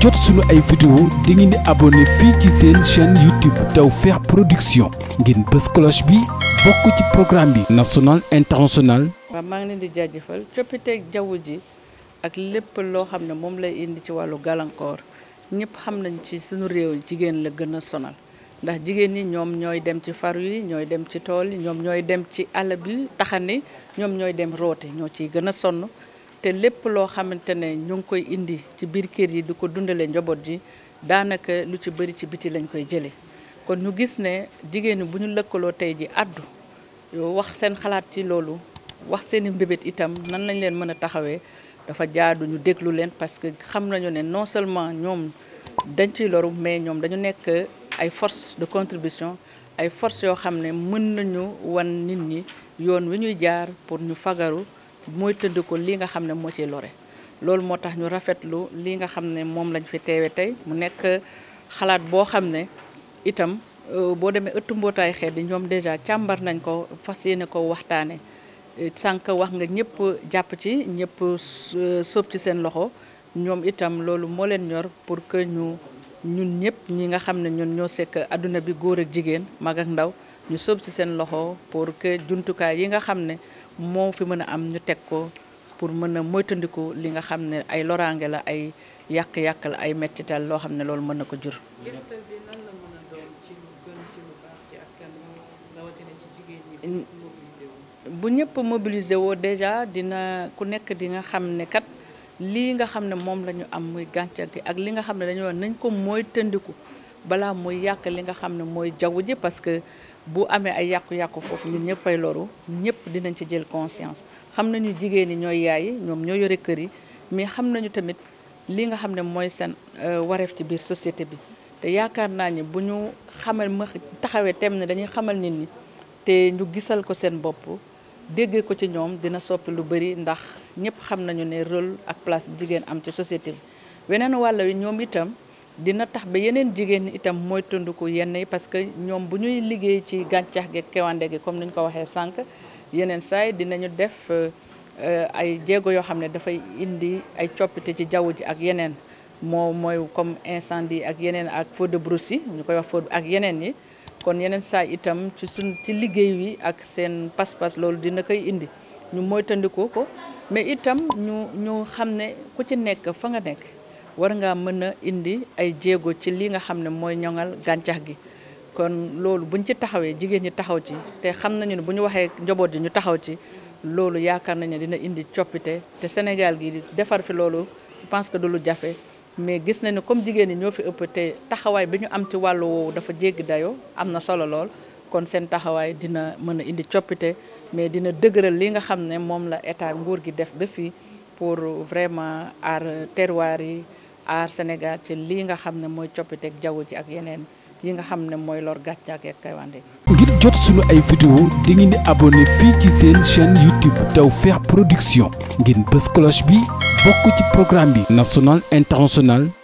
jot suñu ay vidéo da ngeen di abonné fii ci seen chaîne YouTube Tawfekh Production ngeen bës cloche bi bokk ci programme bi national international waaw maa ngi leen di jaajëfal coppiteeg jaww ji ak lépp loo xam ne moom lay indi ci wàllu gàllankoor ñëpp xam nañ ci suñu réew jigéen la gën a sonal ndax jigéen ñi ñoom ñooy dem ci far yi ñooy dem ci tool yi ñoom ñooy dem ci àll bi taxani ñoom ñooy dem rooti ñoo ciy gën a sonn te lépp loo xamante ne ñu ngi koy indi ci biir kër yi di ko dundale njaboot ji daanaka lu ci bëri ci biti lañ koy jëlee kon ñu gis ne jigéenu bu ñu lëkkaloo tey ji addu wax seen xalaat ci loolu wax seen i mbébét itam nan lañ leen mën a taxawee dafa jaadu ñu déglu leen parce que xam nañu ne non seulement ñoom dañ ciy loru mais ñoom dañu nekk ay force de contribution ay force yoo xam ne mën nañu wan nit ñi yoon wi ñuy jaar pour ñu fagaru mooy tëdd ko lii nga xam ne moo ciy lore loolu moo tax ñu rafetlu lii nga xam ne moom lañ fi teewe tey mu nekk xalaat boo xam ne itam euh, boo demee ëttu mbootaay xeet yi ñoom dèjà càmbar nañ ko fas yéene ko waxtaane euh, sànq wax nga ñëpp jàpp ci ñëpp euh, sóob ci seen loxo ñoom itam loolu moo leen ñor pour que ñu ñun ñëpp ñi nga xam ne ñun ñoo sekk àdduna bi góor ak jigéen mag ndaw ñu sóob ci seen loxo pour que jumtukaay yi nga xam ne moo fi mën a am ñu teg ko pour mën a moytandiku li nga xam ne ay loraange la ay yàq-yàq la ay mettital loo xam ne loolu mën na ko jur. bu ñëpp mobilisé woo déjà dina ku nekk di nga xam ne kat lii nga xam ne moom la ñu am muy gàncax gi ak li nga xam ne dañoo nañ ko mooy tëndiku balaa muy yàq li nga xam ne mooy jaww ji parce que. bu amee ay yàqu-yàqu foofu ñu ñëpp ay loru ñëpp dinañ ci jël conscience xam nañu jigéen ñi ñooy yaay ñoom ñoo yore kër yi mais xam nañu tamit li nga xam ne mooy seen euh, wareef ci biir société bi te yaakaar naa ni bu ñu xamal ma taxawee tem ne dañuy xamal nit ñi te ñu gisal ko seen bopp déggee ko ci ñoom dina soppi lu bëri ndax ñëpp xam nañu ne rôle ak place jigéen am ci société bi weneen wàll wi ñoom itam dina tax ba yeneen jigéen ñi itam moytandiku yenn yi parce que ñoom bu ñuy liggéey ci gàncax gi kewande gi comme ni ñu ko waxee sànq yeneen saay dinañu def euh, ay jéego yoo xam ne dafay indi ay coppite ci jaww ji ak yeneen moo mooy comme incendie ak yeneen ak feu de brousse yi ñu koy wax feu ak yeneen yi kon yeneen saay itam ci suñ ci liggéey wi ak seen pas-pas loolu dina koy indi ñu moytandiku ko mais itam ñu ñu xam ne ku ci nekk fa nga nekk war ngaa mën a indi ay jéego ci li nga xam ne mooy ñoŋal gàncax gi kon loolu buñ ci taxawee jigéen ñi taxaw ci te xam nañu ne bu ñu waxee njaboot ji ñu taxaw ci loolu yaakaar nañu ne dina indi coppite te Sénégal gi defar fi loolu je que du lu jafe mais gis nañu comme jigéen ñi ñoo fi ëpp te taxawaay bi ñu am ci wàllu woowu dafa jéggi dayoo am na solo lool kon seen taxawaay dina mën a indi coppite mais dina dëgëral li nga xam ne moom la état nguur gi def ba fii pour vraiment aar terroir yi aar Sénégal ci lii nga xam ne mooy coppiteg jaww ji ak yeneen yi nga xam ne mooy lor gàncax ak kaywande ngir jot suñu ay vidéo di ngeen di abonné fii ci seen chaîne YouTube Tawfekh Production ngeen bës cloche bi bokk ci programme bi national international